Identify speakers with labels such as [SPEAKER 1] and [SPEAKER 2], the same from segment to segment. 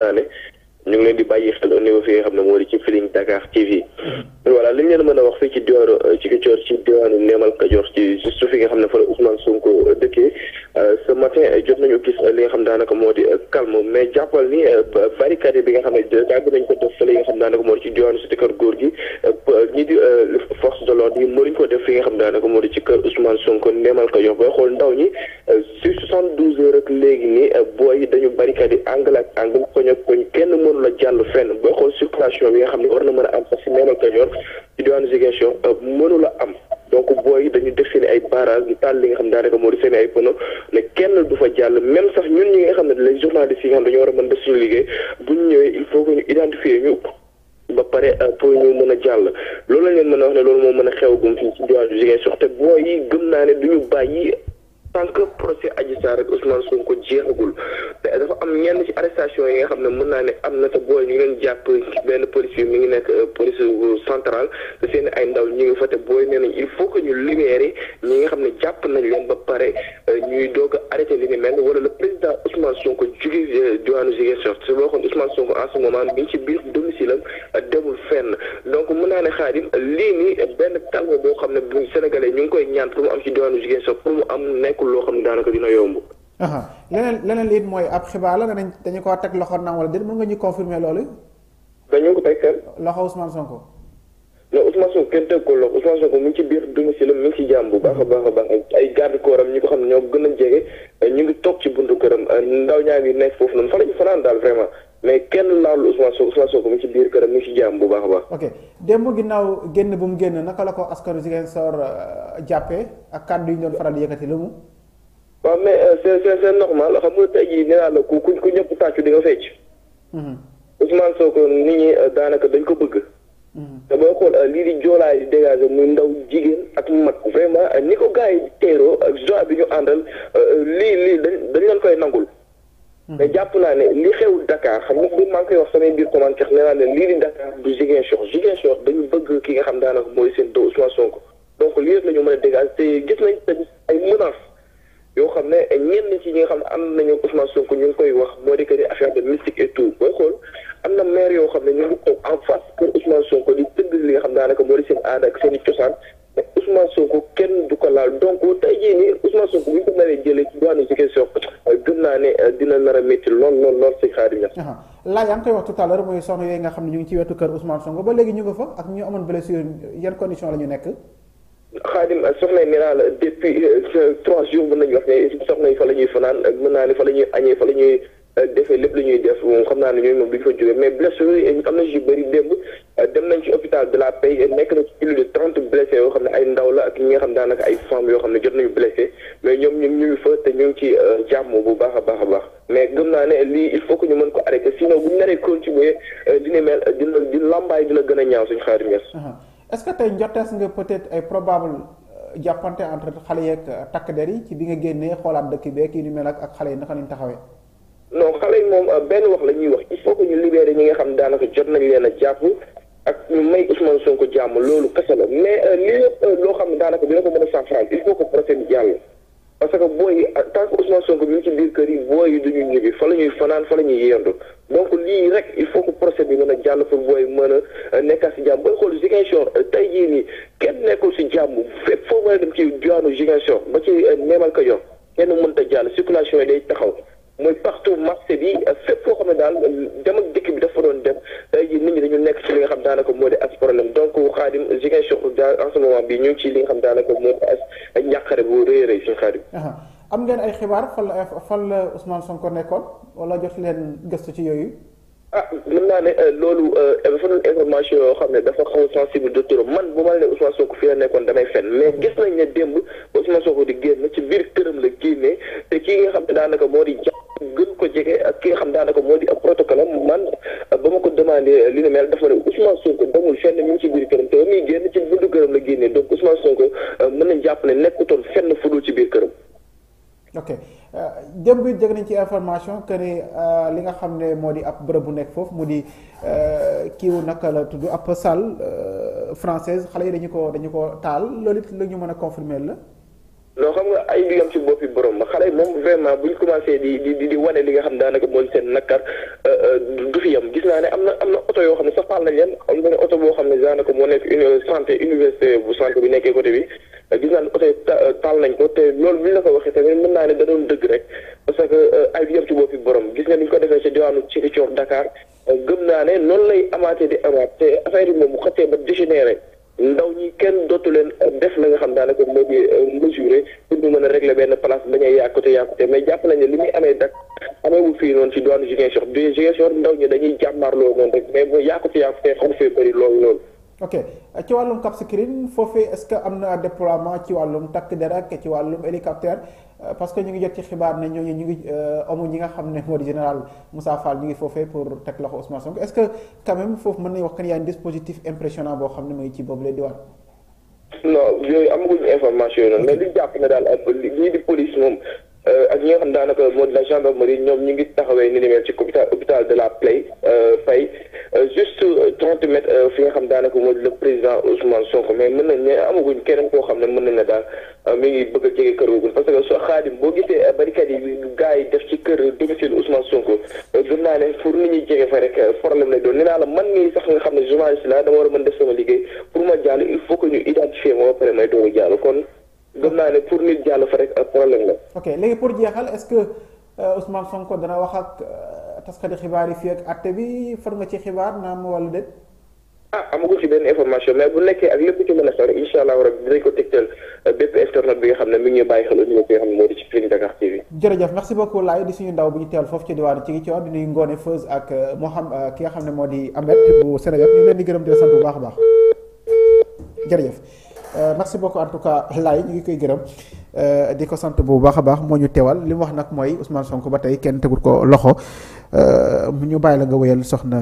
[SPEAKER 1] ne ñu ngi leen di bàyyi xel au niveau nga xam ne moo di ci Feeling Dakar TV voilà li ñu leen mën a wax fii ci diwaanu ci Ziguinchor ci diwaanu Neemal Kajoor ci juste fi nga xam ne fa la Ousmane Sonko dëkkee euh, ce matin jot nañu gis li nga xam daanaka moo di euh, calme mais jàppal ni euh, barricade bi nga xam ne dagg nañ ko def fële yi nga xam daanaka moo di ci diwaanu cité kër góor gi ñi di force de l'ordre yi mënuñ ko def fi nga xam daanaka moo di ci kër Ousmane Sonko Neemal Kajoor booy xool ndaw ñi yi dañu barricade angle ak angle koñ ak koñ kenn mënu la jàll fenn boo xool circulation bi nga xam ne war na mën a am parce que nee na ci diwaanu Ziguinchor euh, mënu la am donc booy dañu def seen ay barrage ñu taal li nga xam ne daanaka moo di seen ay pono ne kenn du fa jàll même sax ñun ñi nga xam ne les journalistes yi nga xam ne war a mën def suñu liggéey bu ñu il faut que ñu identifier ñu ba pare euh, pour ñu mën a jàll loolu la leen a wax ne a xew tant que procès Adji Sarr ak Ousmane Sonko jeexagul te dafa am ñenn ci arrestation yi nga xam ne mën naa ne am na te booy ñu ngi leen jàpp benn police bi mi ngi nekk euh, police centrale te seen ay ndaw ñu ngi fa te booy nee nañ il faut que ñu libérer ñi nga xam ne jàpp nañ leen ba pare euh, ñuy doog a arrêté li ni mel wala le président Ousmane Sonko jóge euh, diwaanu Ziguinchor su boo xam Ousmane Sonko en ce moment mi ngi ci biir domicile am demul fenn donc mën naa ne Xaadim lii nii benn calme xam ne bu Sénégalais ñu ngi koy ñaan am ci diwaanu Ziguinchor mu am nekkul loo xam ne daanaka dina yomb.
[SPEAKER 2] leneen leneen it mooy ab xibaar la dañu ko teg loxo naam wala déet mën nga ñu confirmer loolu.
[SPEAKER 1] dañu ko teg kenn.
[SPEAKER 2] loxo Ousmane Sonko.
[SPEAKER 1] non Ousmane Sonko kenn ko mu ngi ci biir domicile mi ngi ci jàmm bu baax a baax a baax ay garde corps am ñi ko xam ne ñoo gën a jege ñu ngi toog ci buntu këram ndaw ñaa ngi nekk foofu noonu fa lañu fanaan daal vraiment mais kenn laalul Ousmane Sonko Ousmane Sonko mu ci biir këram mu ci jàmm bu baax a baax.
[SPEAKER 2] ok démb ginnaaw génn bu mu génn naka la ko askanu Ziguinchor euh, jàppee ak kàddu yi ñu doon faral di yëkkati lëmu.
[SPEAKER 1] waaw mais euh, c'est c'est c'est normal xam nga tey jii nee naa la ku ku ñëpp tàccu di nga fecc. Mhm. Ousmane Sonko nit ñi euh, daanaka dañ ko bëgg. Mhm. te booy xool lii di joolaay di dégager muy ndaw jigéen ak mag vraiment ni ko gars yi teeroo ak joie bi ñu àndal lii lii dañ dañ leen koy nangul. mais hmm. jàpp naa ne li xew Dakar xam nga maa ngi koy wax samay biir commentaire nee naa leen lii di Dakar du Ziguinchor Ziguinchor dañu bëgg ki nga xam daanaka mooy seen doo Ousmane Sonko donc a dégager yoo xam ne ñenn ci ñi nga xam ne am nañu Ousmane Sonko ñu ngi koy wax moo di que ni affaire de mystique et am yoo xam ne ñu ngi toog en face pour Ousmane Sonko di tëgg li nga xam daanaka moo di seen aada ak seen cosaan mais Ousmane Sonko kenn du ko laal donc tey jii nii Ousmane Sonko bu ñu ko naree jëlee ci doon ci question naa ne euh, dina nar a métti lool lool lool si xaadim ñax
[SPEAKER 2] laa yaa ngi koy wax tout à l'heure mooy soxna yooyu nga xam ne ñu ngi ci wetu kër Ousmane Sonko ba léegi ñu fa ak ñu amoon blessure yan condition la nekk
[SPEAKER 1] xaadim euh, soxna yi nee naa la depuis euh, trois jours mën nañu wax ne soxna yi fa la fanaan mën naa ne fa la añee fa la defee lépp la def moom xam naa ne ñooñu moom duñ fa jógee mais blessure am na ci bëri démb dem nañ ci hôpital de la Paix nekk na ci plus de trente blessés yoo xam ne ay ndaw la ak ñi nga xam daanaka ay femmes yoo xam ne jot nañu blessé mais ñoom euh, a baax a baax mais naa ne lii il faut que ñu mën ko euh, a ñaaw suñu que
[SPEAKER 2] tey njottees nga peut-être ay probable euh, jàppante bi nga génnee xoolaat dëkk beeg yi ñu mel ak xale yi
[SPEAKER 1] la ñuy wax il faut que ñi nga xam daanaka jot nañ leen a jàpp ak ñu may Ousmane Sonko jàmm loolu kese la mais euh, euh, loo xam ne daanaka dina ko mën a saafaraal il faut que procès bi jàll parce que booy yi tant que Ousmane bi ñu ci biir kër yi booy yi duñu ñibbi fa la ñuy fanaan fa la ñuy yendu donc lii rek il faut que procès bi mën a jàll pour booy mën a euh, nekka si jàmm booy xool Ziguinchor tey jii nii kenn nekkul si jàmm fépp foo mën a dem ci diwaanu Ziguinchor ba ci Neemal Kajoor kenn mënta jàll circulation yi day taxaw mooy partout marché bi fépp foo xam ne daal dem ak dikk bi dafa doon dem daanaka moo di as problème donc xaadim Ziguinchor daal en ce moment bii ñu ngi ci li nga xam daanaka moo ko as ak a rëy suñu xaadim.
[SPEAKER 2] am ngeen ay xibaar fan la fan la nekkoon wala jot leen gëstu ci yooyu.
[SPEAKER 1] ah mën naa ne euh, loolu euh, dafa doon information yoo xam ne dafa xaw a sensible de man bu ma la ne Ousmane Sonko fii la nekkoon damay fenn mais gis nañ ne démb ba di génn ci biir këram la génnee te kii nga xam ne daanaka moo di. gën ko jege ak ki xam daanaka moo di ab protocole man ba ma ko demandé li ne mel dafa ne Ousmane Sonko demul fenn mi ngi ci biir këram te ba muy génn ci buntu këram la génnee donc Ousmane Sonko euh, mën nañ jàpp ne nekkutoon fenn fu dul ci biir këram.
[SPEAKER 2] ok jëm euh, bi jëg nañ ci information que ni euh, li nga xam ne moo di ab bërëb bu nekk foofu mu di kiiw naka la tudd ab salle française xale yi dañu ko dañu ko taal loolu it la mën a confirmer la.
[SPEAKER 1] non xam nga ay bi am ci boppi borom ma xale moom vraiment buñ commencé di di di wane li nga xam daanaka mooy seen nakkar euh, euh, du fi yam gis naa ne am na am na oto yoo xam ne sax paal nañ oto boo xam ne daanaka moo nekk une santé nekkee côté bi euh, gis naa ne oto ko te lool bi ñu ko waxee tamit mën naa ne da doon dëgg rek parce que ay bi am ci boppi borom gis nga ni ko defee ci diwaanu ci coor Dakar gëm naa ne noonu lay amaatee di amaat te affaire yi moom bu xëttee ba dégénéré ndaw ñi kenn dootu leen def la nga xam daanaka moo di euh, mesuré pour ñu mën a régler benn place bañ a yàqute yàqute mais jàpp nañ ne li muy amee dak ameewul fii noonu ci doon Ziguinchor Ziguinchor ndaw ñi dañuy jàmmarloo noonu rek mais bu yàqute yàqute xam fee bëri loolu loolu
[SPEAKER 2] ok ci wàllum Cap Skirring foofee est-ce que am na déploiement ci wàllum takk der ak ci wàllum hélicoptère euh, parce que ñu ngi jot ci xibaar ne ñooñu ñu ngi amul euh, ñi nga xam ne moo di général Moussa Fall ñu ngi foofee pour teg loxo Ousmane Sonko est-ce que quand foofu mën nañu wax que ni y a un dispositif impressionnant boo xam ne mooy ci boobu lay diwaan.
[SPEAKER 1] non yooyu amaguñu information yooyu noonu mais li jàpp ne daal ñii euh, police moom. Euh, ak ñi nga xam daanaka moo di la gendarmerie ñoom ñu ngi taxawee ni ni mel ci hôpital de la Play euh, Faye euh, juste trente mètres fi nga xam daanaka moo di le président Ousmane Sonko mais mën na ne amaguñ keneen koo xam ne mën nañ ne daal mi bëgg a jege kër que soo xaadim boo gisee barricade yi yi def ci kër domicile Ousmane Sonko gëm naa ne pour nit ñuy jege fa rek problème lay doon nee naa la man mii sax nga xam ne journaliste laa dama war a mën def sama liggéey pour ma jàll il faut que ñu identifier ma ba pare may doog a kon gëm naa ne pour nit jàll fa rek ak euh, problème la.
[SPEAKER 2] ok léegi pour jeexal est-ce que euh, euh, xibaar yi fii ak àtte bi ci xibaar naam wala déet.
[SPEAKER 1] ah a sori incha allah rek dinañ ko tegtal bépp internet bi nga xam ne mi ngi ñuy bàyyi xel au niveau bi nga xam ne moo di ci Feeling Dakar TV.
[SPEAKER 2] jërëjëf merci beaucoup Laye ndaw bu ñu teel foofu ci diwaanu ci Thion di nuyu Ngone Feuz ak moo xam ki nga xam ne moo di Ahmed bu Sénégal ñu leen di gërëm di bu baax a baax jërëjëf Euh, merci beaucoup en tout cas laay ñu ngi koy gërëm euh, di ko sant bu baax a baax moo ñu teewal li wax nag mooy Ousmane Sonko ba tey kenn tegul ko loxo mu euh, ñu bàyyi la nga wéyal soxna.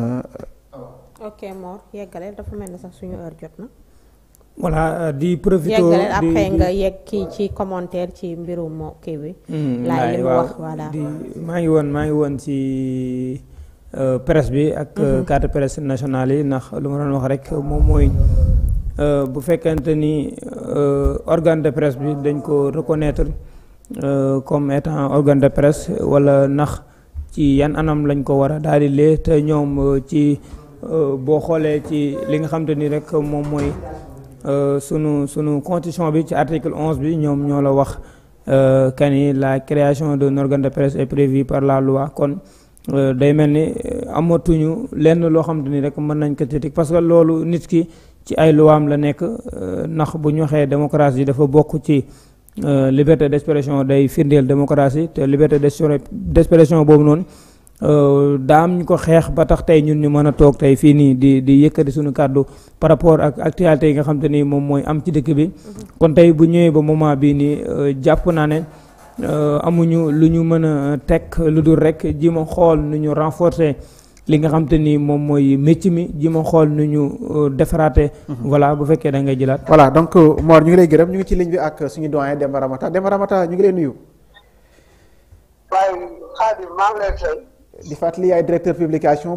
[SPEAKER 3] ok Mor yeggale dafa mel ni sax suñu heure jot na. voilà di profité yeggale ci commentaire ci mbirum kii bi. Hmm, maa ngi woon maa ngi woon ci. presse bi ak mhm. carte presse nationale yi ndax lu ma doon wax rek moom mooy Euh, bu fekkente ni euh, organe de presse bi dañ ko reconnaître euh, comme étant organe de presse wala nax ci yan anam lañ ko war a daal te ñoom ci boo xoolee ci li nga xamante ni rek moom mooy sunu sunu constitution bi ci article onze bi ñoom ñoo la wax kani la création de organe de presse est prévue par la loi kon day mel ni amatuñu lenn loo xamante ni rek mën nañ ko critique parce que loolu nit ki ci ay luwaam la nekk euh, nax bu ñu waxee démocratie dafa bokk ci euh, liberté d'expression day firndeel démocratie te liberté d'expression boobu noonu euh, daam ñu ko xeex ba tax tey ñun ñu mën a toog tey fii nii di di yëkkati suñu kàddu par rapport ak actualité yi nga xam te ni moom mooy am ci dëkk bi mm-hmm. kon tey bu ñëwee ba moment bii nii jàpp naa ne amuñu lu ñu mën a teg lu dul rek ji ma xool nu ñu renforcer li nga xam te ni moom mooy métier mi ji ma xool nu ñu euh, defaraate mhm. voilà bu fekkee da ngay jëlaat. voilà donc euh, Mor ñu ngi lay
[SPEAKER 2] gërëm ñu ngi ci ligne bi ak suñu doyen Demba Ramata Demba Ramata ñu ngi lay nuyu.
[SPEAKER 3] waaye Xaadim maa ngi lay fay. directeur
[SPEAKER 2] publication.